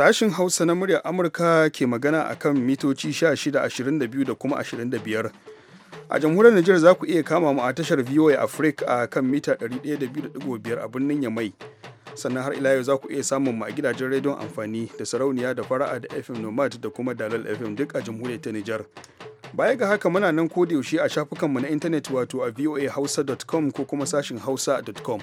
Sashin Hausa na muryar Amurka ke magana a kan mitoci 1622 da kuma 25. A jamhuriyar Nijar za ku iya kama mu a tashar VOA Africa a kan mita 102.5 a birnin Yamai. Sannan har ila yau za ku iya samun mu a gidajen rediyon amfani da sarauniya da fara'a da FM Nomad da kuma Dalal FM duk a jamhuriyar ta Nijar. Baya ga haka muna nan kodayaushe a shafukanmu na intanet wato a voahausa.com ko kuma sashin hausa.com.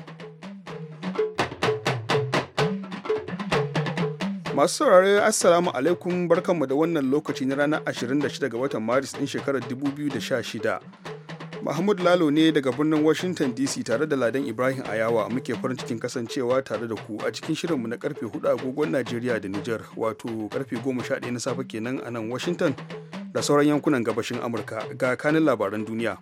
Masu saurare Assalamu alaikum barkanmu da wannan lokaci na ranar 26 ga watan Maris ɗin shekarar 2016. Mahmud Lalo ne daga birnin Washington DC tare da Ladan Ibrahim Ayawa muke farin cikin kasancewa tare da ku a cikin shirinmu na karfe 4 agogon Najeriya da Nijar wato karfe 11 na safe kenan a nan Washington da sauran yankunan gabashin Amurka ga kanin labaran duniya.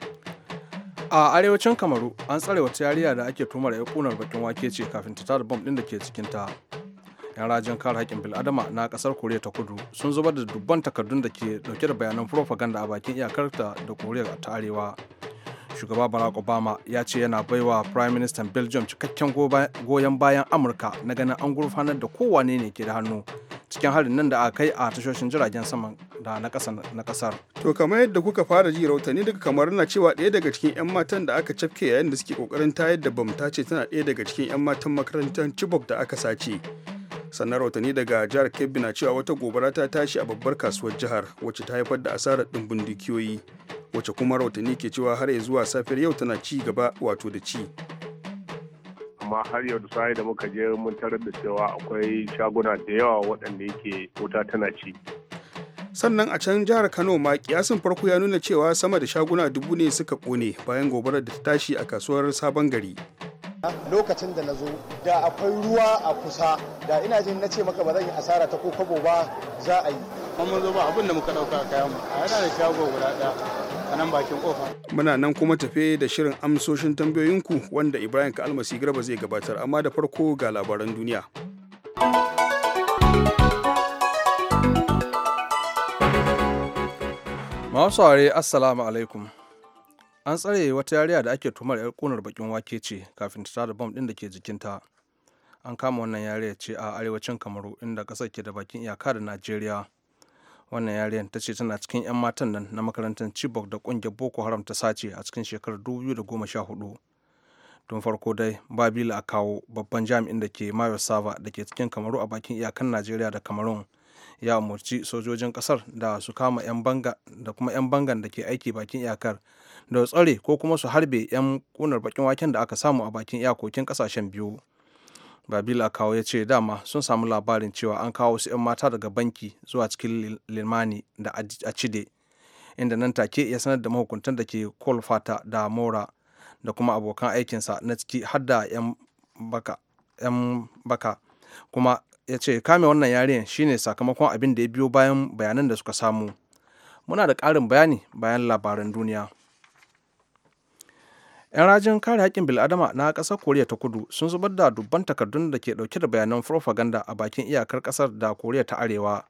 A arewacin Kamaru an tsare wata yariya da ake tumar ya kunar bakin wake ce kafin ta tara bom din da ke cikinta. 'yan rajin kare haƙƙin bil'adama na ƙasar koriya ta kudu sun zubar da dubban takardun da ke ɗauke da bayanan propaganda a bakin iyakar ta da koriya ta arewa shugaba barack obama ya ce yana baiwa prime minister belgium cikakken goyon bayan amurka na ganin an gurfanar da kowane ne ke da hannu cikin harin nan da aka kai a tashoshin jiragen sama da na kasar. To kamar yadda kuka fara ji rautani daga kamar na cewa ɗaya daga cikin 'yan matan da aka cafke yayin da suke kokarin tayar da bamu ta ce tana ɗaya daga cikin 'yan matan makarantar Chibok da aka sace. sannan rautani daga jihar kebbi na cewa wata gobara ta tashi a babbar kasuwar jihar wacce ta haifar da asarar ɗin dukiyoyi wacce kuma rautani ke cewa har ya zuwa safiyar yau tana ci gaba wato da ci amma har yau da da muka je mun tarar da cewa akwai shaguna da yawa waɗanda yake wuta tana ci sannan a can jihar kano ma kiyasin farko ya nuna cewa sama da shaguna dubu ne suka kone bayan gobarar da ta tashi a kasuwar sabon gari lokacin da na zo da akwai ruwa a kusa da ina jin na ce maka ba zan yi asara ta ko ba za a yi mun zo ba abin da muka dauka a kayan mu a yana da shago guda ɗaya a nan bakin kofa muna nan kuma tafe da shirin amsoshin tambayoyinku wanda ibrahim ka almasi garba zai gabatar amma da farko ga labaran duniya Masu assalamu alaikum. an tsare wata yariya da ake tumar yar kunar bakin wake ce kafin ta tada bom din da ke jikinta an kama wannan yariya ce a arewacin kamaru inda kasar ke da bakin iyaka da najeriya wannan yariyar ta ce tana cikin 'yan matan nan na makarantar chibok da kungiyar boko haram ta sace a cikin shekarar 2014 tun farko dai babila a kawo babban jami'in da ke mayo sava da ke cikin kamaru a bakin iyakan najeriya da kamarun ya umarci sojojin kasar da su kama 'yan banga da kuma 'yan bangan da ke aiki bakin iyakar da tsare ko kuma su harbe 'yan kunar bakin waken da aka samu a bakin iyakokin kasashen biyu babila kawo ya ce dama sun samu labarin cewa an kawo su 'yan mata daga banki zuwa cikin limani da a cide inda nan take ya sanar da mahukuntan da ke kolfata da mora da kuma abokan aikinsa na ciki har da 'yan baka, kuma ya ce kame wannan yaren shine sakamakon abin da ya biyo bayan bayanan da suka samu muna da ƙarin bayani bayan labaran duniya. 'yan rajin kare haƙƙin bil'adama na ƙasar koriya ta kudu sun zubar da dubban takardun da ke ɗauke da bayanan farfaganda a bakin iyakar ƙasar da koriya ta arewa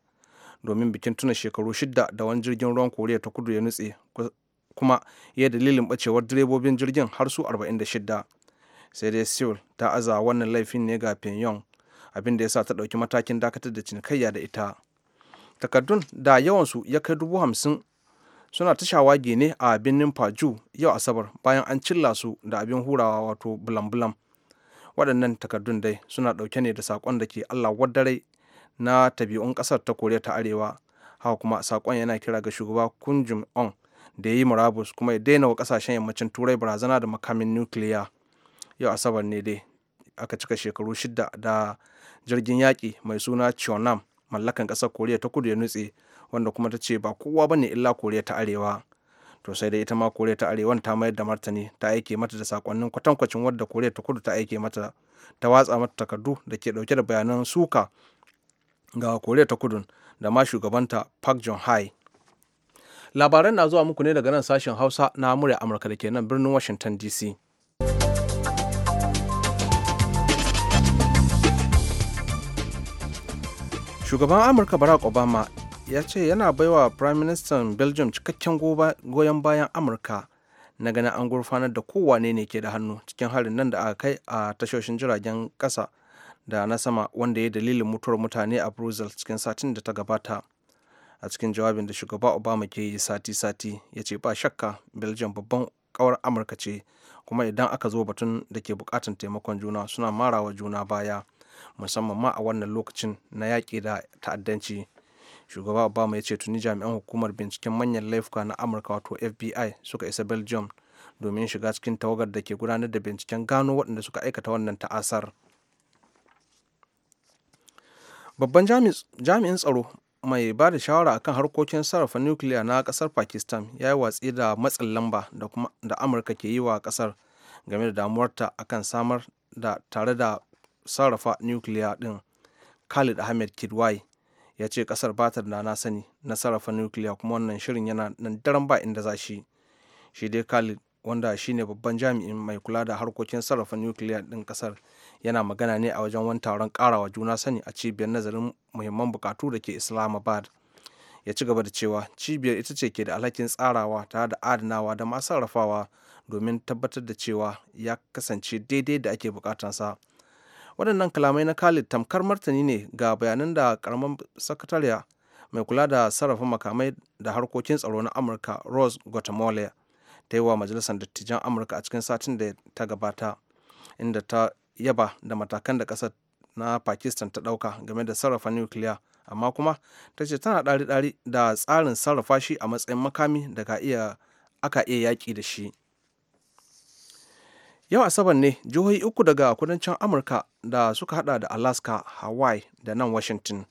domin bikin tuna shekaru shida da wani jirgin ruwan koriya ta kudu ya nutse kuma ya dalilin ɓacewar direbobin jirgin har su 46 sai dai seoul ta aza wannan laifin ne ga pyongyang abin da ya sa ta ɗauki matakin dakatar da cinikayya da ita takardun da yawansu ya kai dubu hamsin suna ta shawage ne a birnin faju yau asabar bayan an cilla su da abin hurawa wato bulam-bulam waɗannan takardun dai suna ɗauke ne da saƙon da ke allah wadare na tabi'un ƙasar ta koriya ta arewa haka kuma saƙon yana kira ga shugaba kun on da ya yi murabus kuma ya daina wa ƙasashen yammacin turai barazana da makamin nukiliya yau asabar ne dai aka cika shekaru shida da jirgin yaƙi mai suna chonam mallakan ƙasar koriya ta kudu ya nutse wanda kuma ta ce ba kowa ba ne illa koriya ta arewa to sai da ita ma koriya ta arewa ta mayar da martani ta aike mata da sakonnin kwatankwacin wadda koriya ta kudu ta aike mata ta watsa mata takardu da ke dauke da bayanan suka ga koriya ta kudu da ma shugabanta park john hai labaran na zuwa muku ne daga nan sashen hausa na murya amurka da ke nan birnin washington dc shugaban amurka barack obama ya ce yana baiwa prime minister belgium cikakken goyon bayan amurka na ganin an gurfanar da kowane ne ke da hannu cikin harin nan da aka kai a tashoshin jiragen kasa da na sama wanda ya dalilin mutuwar mutane a brussels cikin satin da ta gabata a cikin jawabin da shugaba obama ke yi sati-sati ya ce ba shakka belgium babban kawar amurka ce kuma idan aka zo batun da ke bukatan taimakon juna suna marawa juna baya musamman ma a wannan lokacin na yaƙi da ta'addanci shugaba obama ya ce tuni jami'an hukumar binciken manyan laifuka na amurka wato fbi suka isa belgium domin shiga cikin tawagar da ke gudanar da binciken gano waɗanda suka aikata wannan ta'asar babban jami'in tsaro mai ba da shawara akan harkokin sarrafa nukiliya na kasar pakistan ya yi watsi da matsin lamba da amurka ke yi wa kasar game da damuwarta akan samar da tare da sarrafa nukiliya din khalid ahmed kidwai ya ce kasar batar ta da na sani na sarrafa nukiliya kuma wannan shirin yana nan daren ba inda za shi shi dai khalid wanda shine babban jami'in mai kula da harkokin sarrafa nukiliya din kasar yana magana ne a wajen wani taron karawa juna sani a cibiyar nazarin muhimman bukatu da ke islamabad ya ci gaba da cewa cibiyar ita ce ke da alhakin tsarawa tare da adanawa da ma sarrafawa domin tabbatar da cewa ya kasance daidai da ake bukatansa. sa waɗannan kalamai na khalid tamkar martani ne ga bayanan da karamar sakatariya mai kula da sarrafa makamai da harkokin tsaro na amurka rose guatemala ta yi wa majalisar dattijan amurka a cikin satin da ta gabata inda ta yaba da matakan da ƙasar na pakistan ta ɗauka game da sarrafa nukiliya amma kuma ta ce tana ɗari-ɗari da tsarin sarrafa shi a matsayin makami da aka iya yaƙi da shi yau asabar ne jihohi uku daga kudancin amurka da suka hada da alaska hawaii da nan washington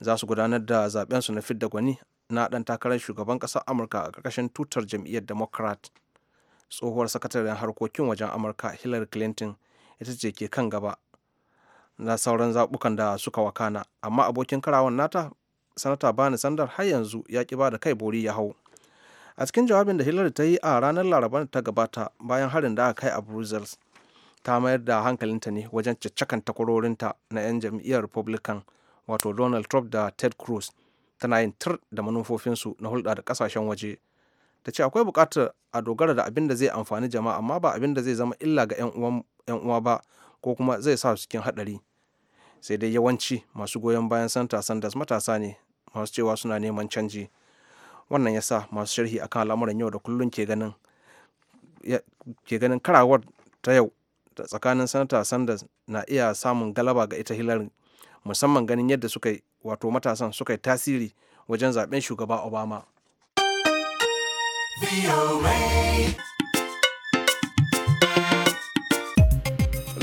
za su gudanar da zaben su na fidda gwani na ɗan takarar shugaban ƙasar amurka a kakashin tutar jam'iyyar democrat tsohuwar sakataren harkokin wajen amurka hillary clinton ita ce ke kan gaba na sauran zabukan da suka wakana amma abokin karawan nata sanata bani sandar har yanzu ya ƙi ba kai bori ya hau a cikin jawabin da hillary ta yi a ranar laraba ta gabata bayan harin da aka kai a brussels ta mayar da hankalinta ne wajen caccakan takwarorinta na 'yan jam'iyyar republican wato donald trump da ted cruz tana yin tir da manufofinsu na hulɗa da ƙasashen waje ta ce akwai buƙatar a dogara da abin da zai amfani jama'a amma ba abin da zai zama illa ga 'yan uwa ba ko kuma zai sa su cikin haɗari sai dai yawanci masu goyon bayan santa sanders matasa ne masu cewa suna neman canji wannan ya sa masu sharhi akan al'amuran yau da kullum ke ganin karawar ta yau tsakanin sanata sanda na iya samun galaba ga ita hillary musamman ganin yadda suka wato matasan suka yi tasiri wajen zaben shugaba obama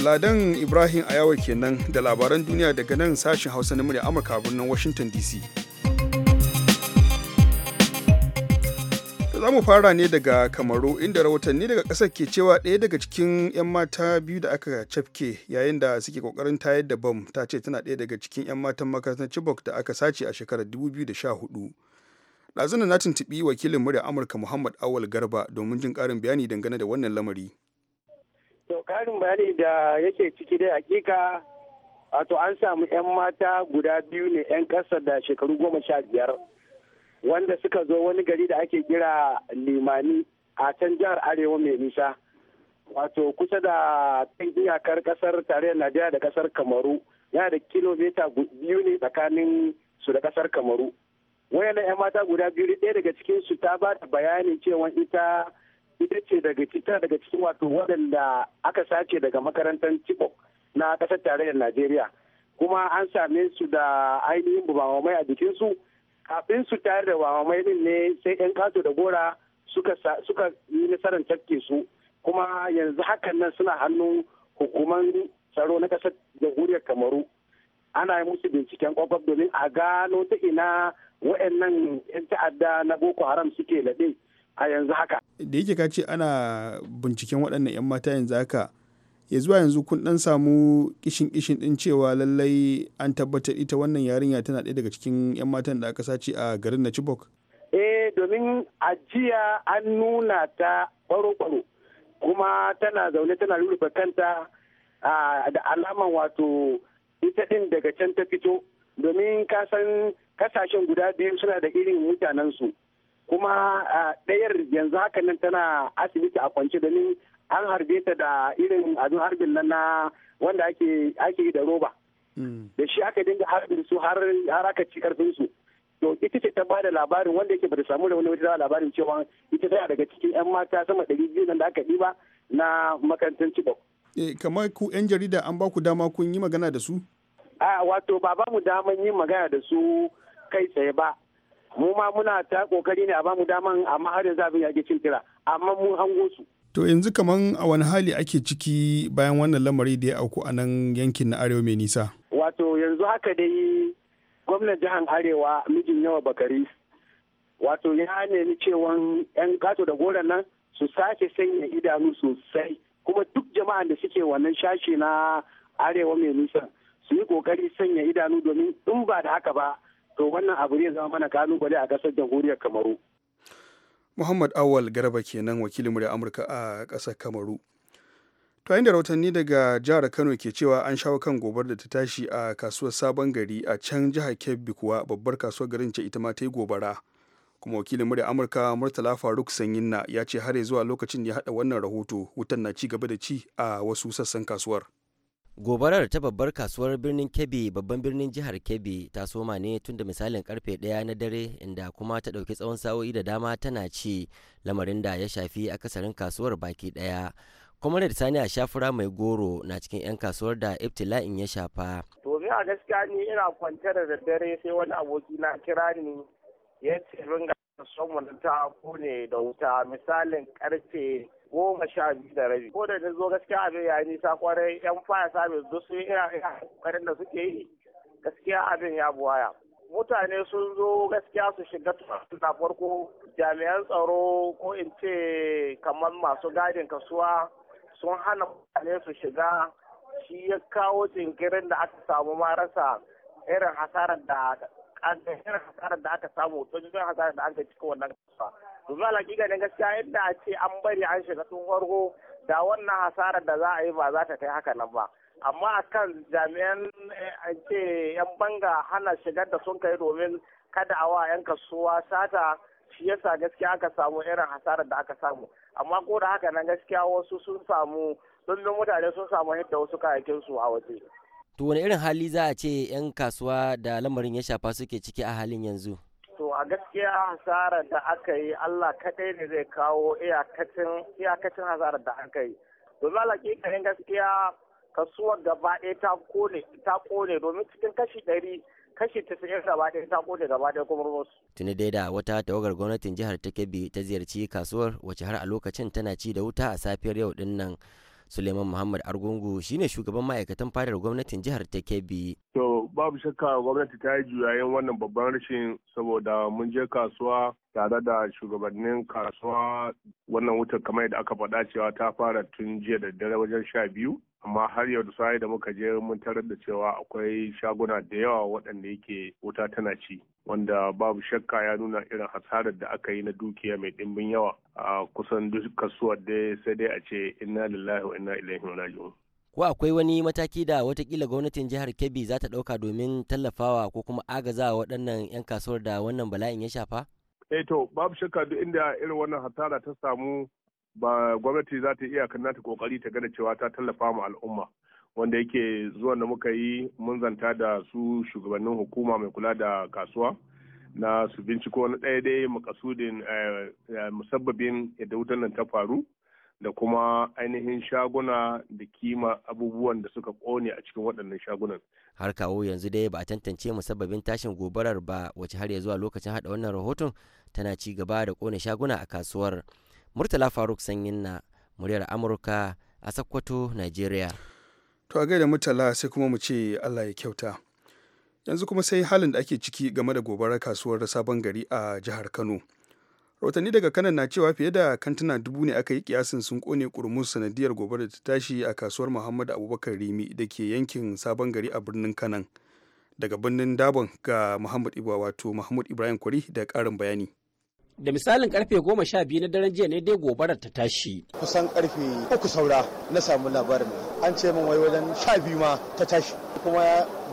ladan ibrahim ayawa kenan da labaran duniya daga nan sashen hausa na murya amurka birnin washington dc za mu fara ne daga kamaru inda rahotanni daga ƙasar ke cewa ɗaya daga cikin 'yan mata biyu da aka cafke yayin da suke ƙoƙarin tayar da bam ta ce tana ɗaya daga cikin 'yan matan makarantar chibok da aka sace a shekarar 2014 ɗazunan na tuntuɓi wakilin murya amurka muhammad awal garba domin jin ƙarin bayani dangane da wannan lamari to ƙarin bayani da yake ciki dai hakika wato an samu 'yan mata guda biyu ne 'yan ƙasa da shekaru goma sha biyar wanda suka zo wani gari da ake kira limani a can jihar arewa mai nisa wato kusa da kan iyakar kasar tarayyar najeriya da kasar kamaru yana da kilomita biyu ne tsakanin su da kasar kamaru wayannan 'yan mata guda biyu ɗaya daga cikin su ta ba da bayanin cewa ita ita ce daga cikin daga cikin wato waɗanda aka sace daga makarantar tiko na ƙasar tarayyar Najeriya kuma an same su da ainihin bumamai a jikinsu kafin su tayar da mai din ne sai yan kato da gora suka suka yi nasarar tafke su kuma yanzu hakan nan suna hannun hukuman tsaro na kasar jamhuriyar kamaru ana yi musu binciken kwakwaf domin a gano ta ina wa'annan 'yan ta'adda na boko haram suke laɗe a yanzu haka da yake ka ce ana binciken waɗannan 'yan mata yanzu haka ya zuwa yanzu kun dan samu kishin kishin din cewa lallai an tabbatar ita wannan yarinya tana ɗaya daga cikin 'yan matan da aka sace a garin na Chibok? Eh domin ajiya an nuna ta kwaro-kwaro kuma tana zaune tana rurrufe kanta da alaman wato ita ɗin daga can ta fito domin kasan kasashen guda biyu suna da irin mutanensu kuma ɗayar yanzu haka nan tana asibiti a kwance domin an harbe ta da irin abin harbin nan na wanda ake ake da roba mm. da shi aka dinga harbin su har har aka ci karfin su to ita ce ta ba da labarin wanda yake bata samu da wani wata labarin cewa ita tana daga cikin yan mata sama ɗari biyu nan da aka ɗiba na makarantar cibok. Eh, kamar ku 'yan jarida an ba ku dama kun yi magana da su? A wato ba ba mu daman yin magana da su kai tsaye ba. Mu ma muna ta kokari ne a ba mu daman amma har yanzu abin ya ke cin tira amma mun hango su. To yanzu kaman a wani hali ake ciki bayan wannan lamari da ya auku a nan yankin na Arewa mai nisa? Wato yanzu haka dai gwamnan jihar Arewa mijin yawa bakari wato ya nemi cewan 'yan gato da goron nan su sake sanya idanu sosai kuma duk jama'an da suke wannan shashi na arewa mai nisa su yi kokari sanya idanu domin in ba da haka ba to wannan abu ne zama mana kalubale a ƙasar jamhuriyar kamaru muhammad awal garba kenan wakilin murya amurka a ƙasar kamaru to inda rahotanni daga jihar kano ke cewa an shawo kan gobar da ta tashi a kasuwar sabon gari a can jihar kebbi kuwa babbar kasuwar garin ce ita ma ta yi gobara kuma wakilin murya amurka murtala faruk sanyinna ya ce har zuwa lokacin da ya haɗa wannan rahoto wutan na ci gaba da ci a wasu sassan kasuwar gobarar ta babbar kasuwar birnin kebbi babban birnin jihar kebbi ta soma ne tun da misalin karfe daya na dare inda kuma ta dauki tsawon sa'o'i da dama tana ci lamarin da ya shafi akasarin kasuwar baki daya comrade sani a shafura mai goro na cikin 'yan kasuwar da ibtila'in ya shafa to a gaskiya ni ina kwantar da daddare sai wani aboki na kira ni ya ce son ta kone da wuta misalin karfe goma sha biyu da rabi ko da ta zo gaskiya abin ya nisa kwarai yan faya sabis duk sun ina kokarin da suke yi gaskiya abin ya buwaya mutane sun zo gaskiya su shiga na farko jami'an tsaro ko in ce kamar masu gadin kasuwa sun hana mutane su shiga shi ya kawo jinkirin da aka samu marasa irin hasarar da ƙasar hasarar da aka samu jirgin hasarar da aka cika wannan kasuwa domin alaƙiƙa ne gaskiya yadda a ce an bari an shiga tun farko da wannan hasarar da za a yi ba za ta kai haka nan ba amma akan jami'an eh, an yan banga hana shigar da sun kai domin kada a wa yan kasuwa sata shi yasa gaskiya aka samu irin hasarar da aka samu amma ko da haka nan gaskiya wasu sun samu don mutane sun samu yadda wasu kayakin su a waje To wani irin hali za a ce 'yan kasuwa da lamarin ya shafa suke ciki a halin yanzu? To a gaskiya hasarar da aka yi Allah kaɗai ne zai kawo iyakacin hasarar da aka yi. Domin alaƙiƙarin gaskiya kasuwar gaba ɗaya ta kone domin cikin kashi ɗari kashi tasa'in gaba ɗaya ta kone gaba ɗaya kuma rumus. Tuni dai da wata tawagar gwamnatin jihar ta ta ziyarci kasuwar wacce har a lokacin tana ci da wuta a safiyar yau ɗin nan. Suleiman Muhammad Argungu shine shugaban ma'aikatan fadar gwamnatin jihar ta Kebbi. To babu shakka gwamnati ta yi juyayen wannan babban rashin saboda mun je kasuwa tare da shugabannin kasuwa wannan wutar kamar yadda aka faɗa cewa ta fara tun jiya da dare wajen sha biyu amma har yau da sai da muka je mun tarar da cewa akwai shaguna da yawa waɗanda yake wuta tana ci wanda babu shakka ya nuna irin hasarar da aka yi na dukiya mai ɗimbin yawa a kusan duk kasuwar dai sai dai a ce inna lillahi wa inna ilaihi raji'un ko akwai wani mataki da watakila gwamnatin jihar kebbi za ta ɗauka domin tallafawa ko kuma agazawa waɗannan 'yan kasuwar da wannan bala'in ya shafa? eh to babu shakka duk inda irin wannan hasara ta samu ba gwamnati za ta iya kan nata kokari ta gada cewa ta tallafa mu al'umma wanda yake zuwa da muka yi mun zanta da su shugabannin hukuma mai kula da kasuwa na su binciko na ɗaya dai makasudin eh, eh, musabbabin yadda wutar nan ta faru da kuma ainihin shaguna da kima abubuwan da suka ƙone a cikin waɗannan shagunan. Har kawo yanzu dai ba a tantance musabbabin tashin gobarar ba wace har ya zuwa lokacin haɗa wannan rahoton tana ci gaba da kone shaguna a kasuwar. murtala faruk sanyin na muryar amurka a sakkwato nigeria to a gaida murtala sai kuma mu ce allah ya kyauta yanzu kuma sai halin da ake ciki game da gobarar kasuwar sabon gari a jihar kano rahotanni daga kanan na cewa fiye da kantuna dubu ne aka yi kiyasin sun kone kurmus sanadiyar gobarar da ta tashi a kasuwar muhammadu abubakar rimi da ke yankin sabon gari a birnin kanan daga birnin dabon ga muhammad wato mahmud ibrahim kwari da karin bayani da misalin karfe goma sha biyu na daren jiya ne dai gobarar ta tashi kusan karfe uku saura na samu labarin an ce min wai wajen sha biyu ma ta tashi kuma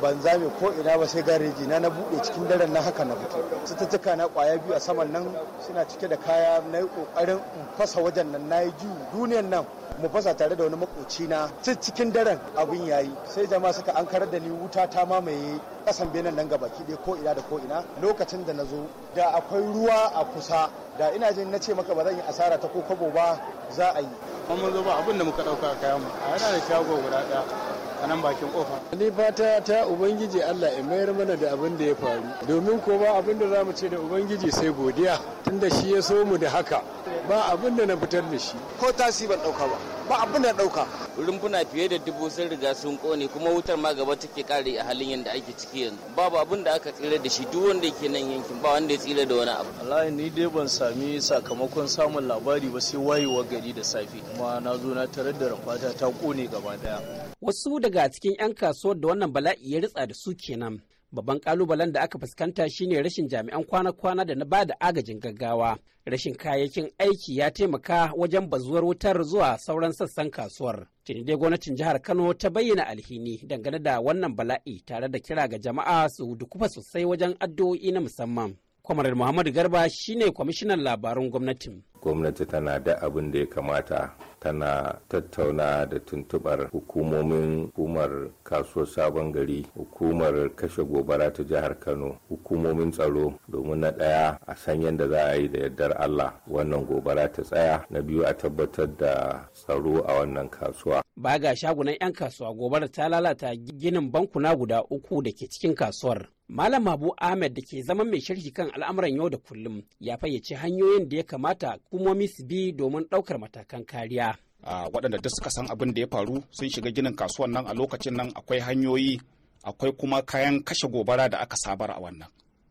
ban zame ko ina ba sai gareji na na buɗe cikin daren na haka na fito cututtuka na kwaya biyu a saman nan suna cike da kaya na yi ƙoƙarin fasa wajen nan na yi ju duniyan nan mu fasa tare da wani makoci na cikin daren abin yayi sai jama'a suka an da ni wuta ta mamaye kasan benen nan gaba ki ko ina da ko ina lokacin da na zo da akwai ruwa a kusa da ina jin na ce maka ba zan yi asara ta ko kobo ba za a yi. Mun zo ba abin da muka ɗauka kayan mu a yana da shago guda ɗaya a nan bakin kofa. Ni fata ta Ubangiji Allah ya mayar mana da abin da ya faru. Domin ko ba abin da zamu ce da Ubangiji sai godiya tunda shi ya so mu da haka. Ba abin da na fitar da shi. Ko tasi ban ɗauka ba. ba abin da ɗauka. rumfuna fiye da dubu sun riga sun kone kuma wutar ma gaba take kare a halin yadda ake ciki yanzu babu abin da aka tsira da shi duk wanda yake nan yankin ba wanda ya tsira da wani abu wallahi ni dai ban sami sakamakon samun labari ba sai wayewa gari da safe kuma na zo na tarar da rafata ta kone gaba daya wasu daga cikin yan kasuwar da wannan bala'i ya ritsa da su kenan babban kalubalen da aka fuskanta shine rashin jami'an kwana-kwana da na ba da agajin gaggawa rashin kayayyakin aiki ya taimaka wajen bazuwar wutar zuwa sauran sassan kasuwar tuni dai gwamnatin jihar kano ta bayyana alhini dangane da wannan bala'i tare da kira ga jama'a su dukufa sosai wajen addu'o'i na musamman kwamarar muhammadu garba shine kwamishinan labarun gwamnatin gwamnati tana da abin da ya kamata tana tattauna da tuntubar hukumomin hukumar kaso sabon gari hukumar kashe gobara ta jihar kano hukumomin tsaro domin na ɗaya a san yadda za a yi da yardar allah wannan gobara ta tsaya na biyu a tabbatar da tsaro a wannan kasuwa ba ga shagunan 'yan kasuwa gobara ta lalata ginin bankuna guda uku da ke cikin kasuwar Malam Mabu Ahmed da ke zama mai sharhi kan al'amuran yau da kullum ya fayyace hanyoyin da ya kamata hukumomi su bi domin ɗaukar matakan kariya. waɗanda duk suka san abin da ya faru sun shiga ginin kasuwan nan a lokacin nan akwai hanyoyi akwai kuma kayan kashe gobara da aka sabar a wannan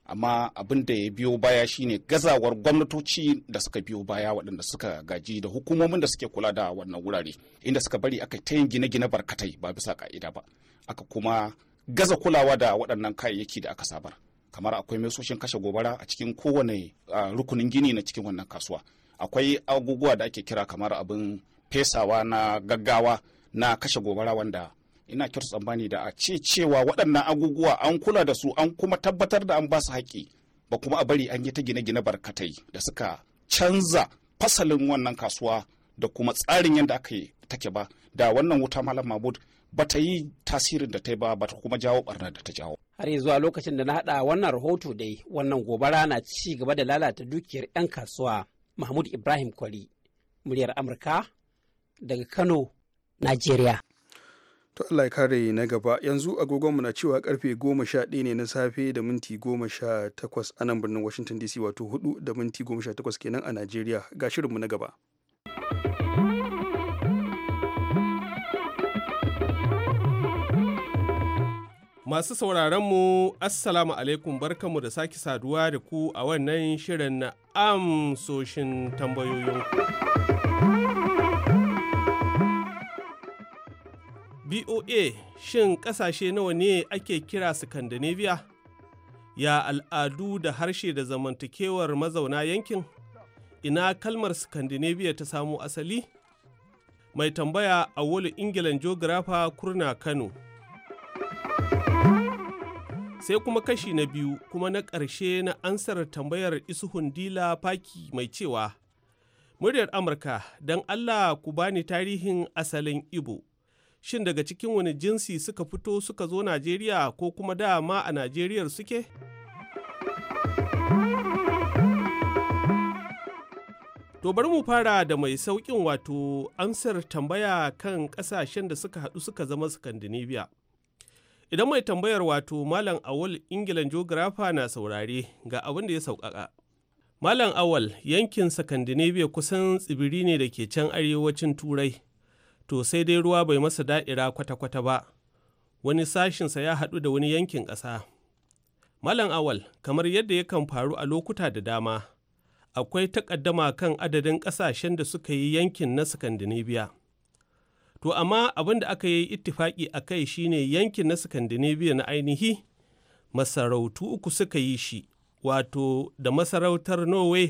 amma abin da ya biyo baya shine gazawar gwamnatoci da suka biyo baya waɗanda suka gaji da hukumomin da suke kula da wannan wurare inda suka bari aka ta yin gine-gine barkatai ba bisa ka'ida ba aka kuma gaza kulawa da waɗannan kayayyaki da aka sabar kamar akwai mesoshin kashe gobara a cikin kowane rukunin gini na cikin wannan kasuwa akwai aguguwa da ake kira kamar abin fesawa na gaggawa na kashe gobara wanda ina kyautu tsammani da a ce cewa waɗannan aguguwa an kula da su an kuma tabbatar da an ba su haƙƙi ba kuma a bari an yi ta gine-gine barkatai da suka canza fasalin wannan kasuwa da kuma tsarin yadda aka yi take ba da wannan wuta malam mahmud ba ta yi tasirin da ta yi ba ba kuma jawo barnar da ta jawo. Har zuwa lokacin da na haɗa wannan rahoto dai wannan gobara na ci gaba da lalata dukiyar 'yan kasuwa Mahmud Ibrahim Kwari muryar Amurka daga Kano, Najeriya. To Allah ya kare na gaba yanzu agogonmu na cewa karfe goma sha ɗaya ne na safe da minti goma sha takwas a nan birnin Washington DC wato hudu da minti goma sha takwas kenan a Najeriya ga shirinmu na gaba. Masu mu Assalamu alaikum barkanmu da sake saduwa da ku a wannan shirin na amsoshin tambayoyinku. BOA shin ƙasashe nawa ne ake kira Scandinavia? Ya al'adu da harshe da zamantakewar mazauna yankin? Ina kalmar Scandinavia ta samo asali? Mai tambaya a Ingilan Geographer Kurna Kano. sai kuma kashi na biyu kuma na ƙarshe na ansar tambayar isuhun dila faki mai cewa muryar amurka don allah ku bani tarihin asalin ibo shin daga cikin wani jinsi suka fito suka zo najeriya ko kuma dama a Najeriya suke to bari mu fara da mai sauƙin wato ansar tambaya kan ƙasashen da suka haɗu suka zama scandinavia Idan mai tambayar wato Malam Awal Ingilan Geographer na saurare ga abin da ya sauƙaƙa. Malam Awal yankin Scandinavia kusan tsibiri ne da ke can arewacin Turai, to sai dai ruwa bai masa da'ira kwata-kwata ba, wani sashinsa ya haɗu da wani yankin ƙasa. Malam Awal, kamar yadda yakan faru a lokuta da dama, akwai takaddama kan adadin ƙasashen da suka yi yankin na Scandinavia. To amma abin da aka yi ittifaki a kai shine yankin na Scandinavia na ainihi masarautu uku suka yi shi wato da masarautar Norway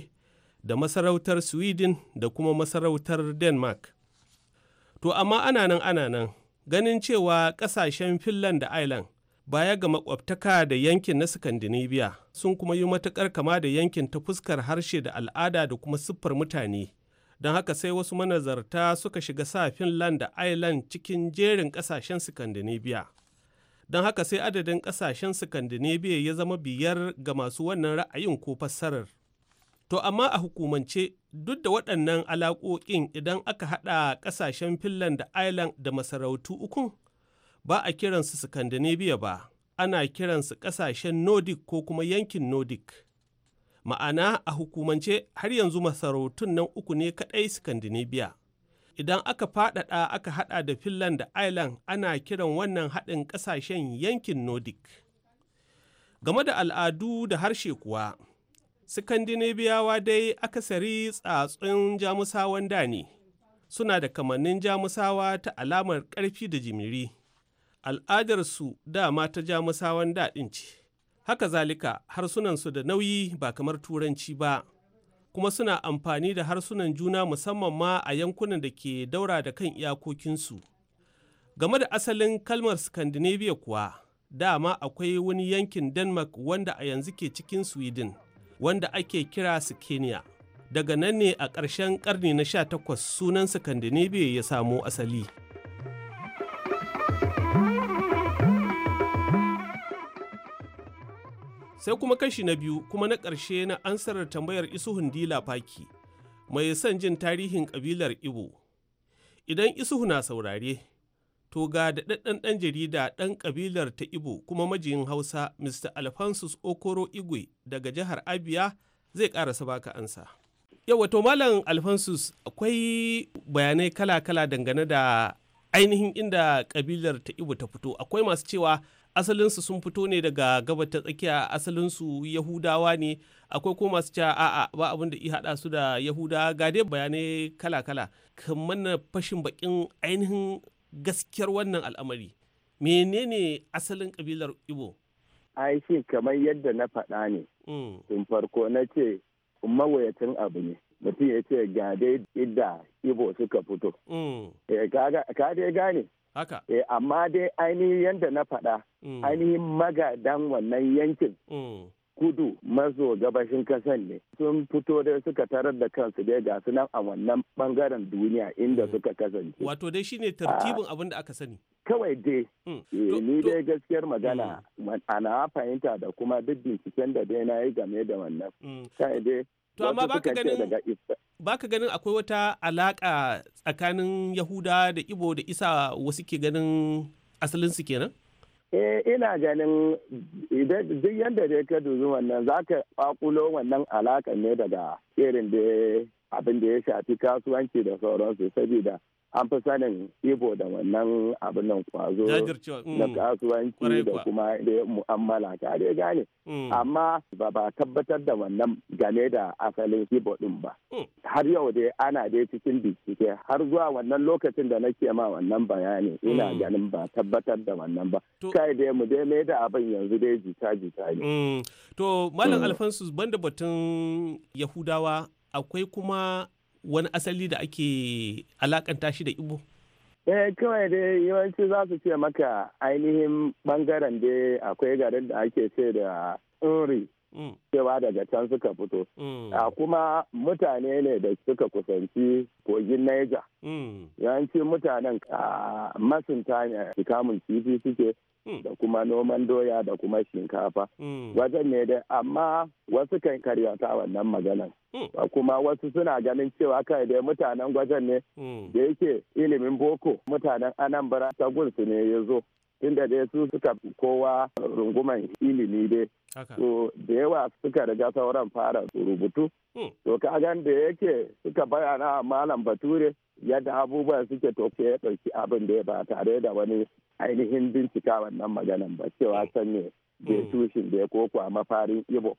da masarautar Sweden da kuma masarautar Denmark. To amma ana nan ana nan ganin cewa ƙasashen Finland da Ireland baya ga makwabtaka da yankin na Scandinavia sun kuma yi matuƙar kama da yankin ta fuskar harshe da al'ada da kuma siffar mutane. don haka sai wasu manazarta suka shiga sa Finland da Ireland cikin jerin ƙasashen Scandinavia. Don haka sai adadin ƙasashen Scandinavia ya zama biyar ga masu wannan ra'ayin ko fassarar. To amma a hukumance duk da waɗannan alaƙoƙin idan aka haɗa ƙasashen Finland da Ireland da masarautu uku, ba a kiransu Scandinavia ba, ana kiransu ƙasashen Nordic ko kuma yankin Nordic. ma'ana a hukumance har yanzu masarautun nan uku ne kaɗai Scandinavia. Idan aka faɗaɗa aka haɗa da Finland da Ireland ana kiran wannan haɗin ƙasashen yankin Nordic. Game da al'adu da harshe kuwa, Scandinaviawa dai akasari tsatsun jamusawan da ne, suna da kamannin jamusawa ta alamar ƙarfi da jimiri. Al'adarsu dama ta jamusawan daɗin ce. haka zalika harsunansu da nauyi ba kamar turanci ba kuma suna amfani da harsunan juna musamman ma a yankunan da ke daura da kan iyakokinsu game da asalin kalmar scandinavia kuwa dama akwai wani yankin denmark wanda a yanzu ke cikin sweden wanda ake kira skenia daga nan ne a ƙarshen ƙarni na 18 sunan scandinavia ya samo asali. sai kuma kashi na biyu kuma na ƙarshe na ansarar tambayar isuhun dila faki mai son jin tarihin ƙabilar ibo idan isuhu na saurare to ga daɗaɗɗen ɗan jarida ɗan ƙabilar ta ibo kuma majiyin hausa mr alphonsus okoro igwe daga jihar abia zai ƙara baka ansa yau wato malam alphonsus akwai bayanai kala-kala dangane da ainihin inda ƙabilar ta ibo ta fito akwai masu cewa asalinsu sun fito ne daga gabata ta tsakiya asalinsu yahudawa ne akwai ko masu cewa a'a ba abin da i haɗa su da yahuda ga dai bayanai kala-kala kamar na fashin bakin ainihin gaskiyar wannan al'amari menene asalin kabilar ibo ai shi kamar yadda na faɗa ne mm. tun farko na ce mawuyacin abu ne mutum ya ce ga dai idda ibo suka fito mm. eh, ka dai gane Haka. eh amma dai ainihin yadda na faɗa, mm. ainihin magadan wannan yankin. Mm. kudu maso gabashin kasan ne sun fito dai suka tarar da kansu dai ga su nan a wannan bangaren duniya inda mm. suka kasance. Wato dai shine tartibin abin da aka sani. Kawai dai, eh, ni dai gaskiyar magana ana fahimta da kuma duk binciken da dai na yi game da wannan. Kai dai To amma baka ganin baka ganin akwai wata alaka tsakanin Yahuda da Ibo da Isa wasu ke ganin asalinsu kenan? Eh ina ganin duk yadda da ka dubi wannan zaka kwakulo wannan alaka ne daga irin da abin da ya shafi kasuwanci da sauransu saboda an fi sanin ibo da wannan abin nan kwazo mm, na kasuwanci da kuma mu'amala tare gane mm. amma ba ba tabbatar da wannan game da asalin ibo din ba mm. har yau dai ana dai cikin bincike har zuwa wannan lokacin da nake ma wannan bayani ina ganin ba tabbatar da wannan ba kai dai mu dai mai da abin yanzu dai jita jita ne to malam alfansus banda batun yahudawa akwai kuma wani asali da ake alakanta shi da Igbo? Eh kawai dai yawanci za su ce maka ainihin bangaren dai akwai garin da ake ce da Uri. Mm. cewa daga can suka fito. Mm. A ah, kuma mutane ne da suka kusanci kogin Niger. Mm. Yawanci mutanen ah, masunta ne kamun kifi suke Mm. da kuma noman doya da kuma shinkafa mm. wajen ne dai amma wasu kan karyata wannan maganan mm. kuma wasu suna ganin cewa kai dai mutanen gwajen ne da yake ilimin boko mutanen anambra ta gunsu ne ya zo inda dai su suka kowa runguman ilimi dai so da yawa suka riga sauran fara rubutu hmm. to kagan da yake suka bayana malam bature yadda abubuwan suke to ya ɗauki abin da ya ba tare da wani ainihin bincika wannan maganan ba cewa hmm. san ne da hmm. tushin da ya koko a mafarin ibo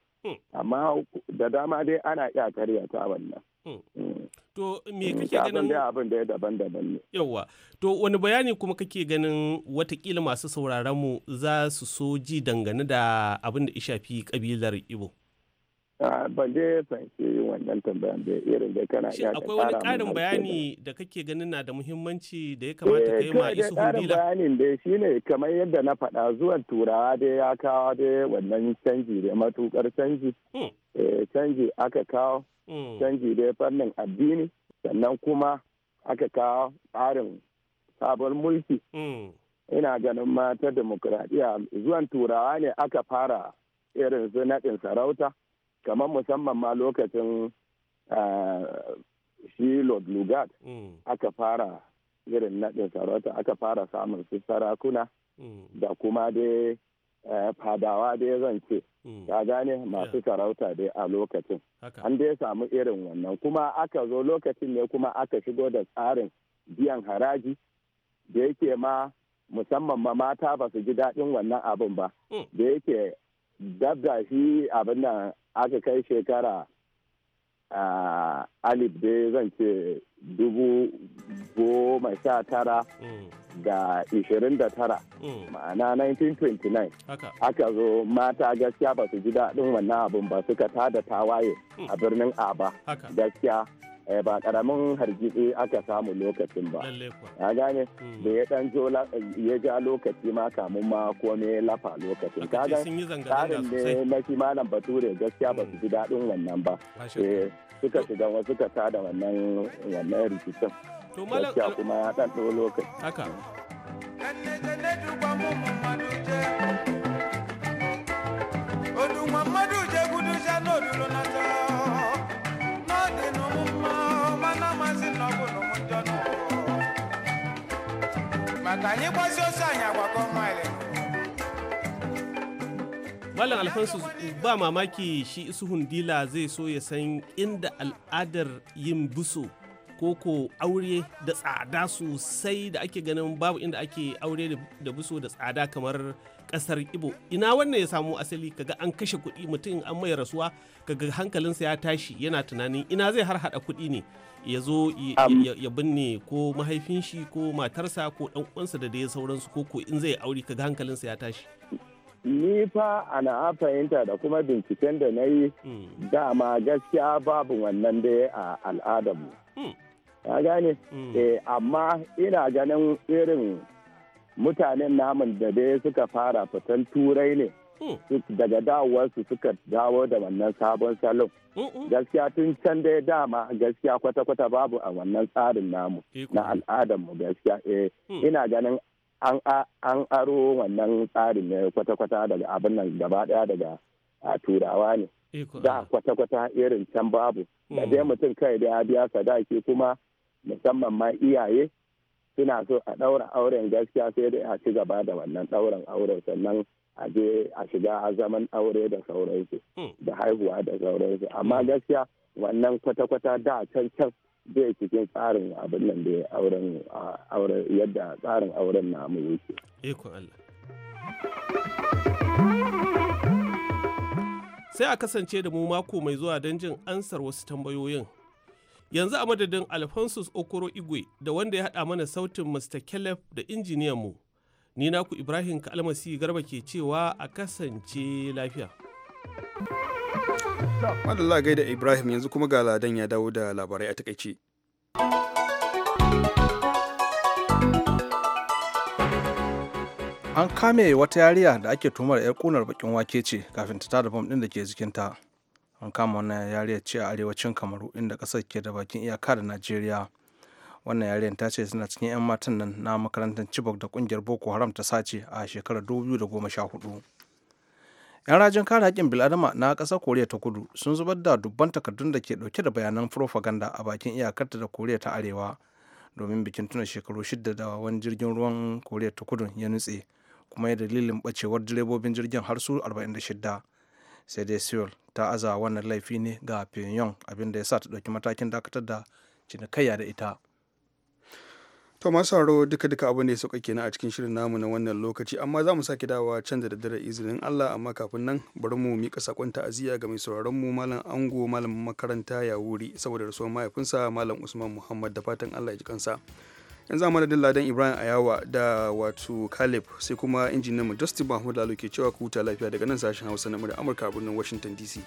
amma da dama dai ana iya karyata wannan To me mm, kake ganin abin da ya daban-daban ne. Yawwa. To wani bayani kuma kake ganin watakila masu sauraron mu za su so ji dangane da abin da ya shafi kabilar Ibo. ban je shi wannan tambayan da irin da kana ya akwai wani karin bayani da kake ganin na da muhimmanci da ya kamata eh, ka yi ma isu hudila bayanin da shi ne kamar yadda na faɗa zuwan turawa dai ya kawo da wannan canji da matukar canji hmm. Eh, canji aka kawo hmm. canji da fannin addini sannan kuma aka kawo tsarin sabon mulki hmm. ina ganin mata demokuraɗiyya zuwan turawa ne aka fara irin su naɗin sarauta kamar musamman ma lokacin eh, shi lord lugard hmm. aka fara irin naɗin sarauta aka fara samun su sarakuna da kuma dai Eh, fadawa dai zan ce hmm. ka gane masu sarauta dai a lokacin an dai samu irin wannan kuma aka zo lokacin ne kuma aka shigo da tsarin biyan haraji da yake ma musamman ma mata ba su ji daɗin wannan abin ba hmm. da yake dabda shi abin nan aka kai shekara alif dai zan ce dubu goma sha tara hmm. da 29 mm. ma'ana 1929 haka zo mata gaskiya ba su ji daɗin wannan abin ba suka tada tawaye mm. a birnin aba gaskiya eh, ba karamin hargitsi aka samu lokacin ba ya gane mm. da ya dan ya ja lokaci ma kamun ma ko ne lafa lokacin ga tsarin ne na shi malam bature gaskiya ba su ji daɗin wannan ba eh, suka shiga wasu suka tada wannan rikicin to malam kuma dan lokaci haka Malam Alfonso ba mamaki shi isuhun dila zai so ya san inda al'adar yin buso koko aure da tsada sosai da ake ganin babu inda ake aure da buso da tsada kamar kasar ibo ina wannan ya samu asali kaga an kashe kuɗi mutum an mai rasuwa kaga hankalinsa ya tashi yana tunanin ina zai har hada kuɗi ne ya zo ya binne ko mahaifin shi ko matarsa ko dan uwansa da dai sauransu ko ko in zai aure kaga hankalinsa ya tashi ni fa ana fahimta da kuma binciken da na yi hmm. dama gaskiya babu wannan dai a al'adarmu. Hmm. ka gane mm. eh, amma ina ganin irin mutanen namun da dai suka fara fitan turai ne mm. daga dawowarsu suka dawo da wannan sabon salon gaskiya tun can dai dama gaskiya kwata-kwata babu a wannan tsarin namu na al'adarmu gaskiya eh, mm. ina ganin an aro wannan tsarin ne kwata-kwata daga abin nan gaba daya daga turawa ne da kwata-kwata irin can babu da dai mutum kai da ya biya sadaki kuma musamman ma iyaye suna so a ɗaura auren gaskiya sai dai a ci gaba da wannan ɗaurin auren sannan a je a shiga zaman aure da sauransu hmm. da haihuwa da sauransu amma gaskiya wannan kwata-kwata da can can zai cikin tsarin abin nan da auren yadda tsarin auren namu yake. Sai a kasance da mu mako mai zuwa don jin ansar wasu tambayoyin yanzu a madadin alphonsus okoro igwe da wanda ya haɗa mana sautin mr caleb da injiniyan mu ni naku ibrahim kalmasi garba ke cewa a kasance lafiya madalla gaida ibrahim yanzu kuma ga ladan ya dawo da labarai a takaice an kame wata yariya da ake tumar 'yar kunar bakin wake ce kafin ta tada bom din da ke jikinta an kama wannan yariyar ce a arewacin kamaru inda kasar ke da bakin iyaka da najeriya wannan yariyar ta ce suna cikin 'yan matan nan na makarantar chibok da kungiyar boko haram ta sace a shekarar 2014 'yan rajin kare haƙƙin biladama na ƙasar koriya ta kudu sun zubar da dubban takardun da ke ɗauke da bayanan furofaganda a bakin iyakarta da koriya ta arewa domin bikin tuna shekaru shida da wani jirgin ruwan koriya ta kudu ya nutse kuma ya dalilin ɓacewar direbobin jirgin har su 46 sai dai seoul ta aza wannan laifi ne ga pyongyang abinda ya sa ta ɗauki matakin dakatar da cinikayya da ita to masu haro duka duka abu ne ya sauka kenan a cikin shirin namu na wannan lokaci amma za mu sake dawowa can da daddare izinin Allah amma kafin nan bari mu mika sakon ta'aziyya ga mai sauraron mu malam ango malamin makaranta ya wuri saboda rasuwar mahaifinsa malam Usman Muhammad da fatan Allah ya ji kansa yanzu a madadin ladan ibrahim ayawa da wato caleb sai kuma injinin mu dusty mahmud lalo ke cewa ku huta lafiya daga nan sashen hausa na amurka a birnin washington dc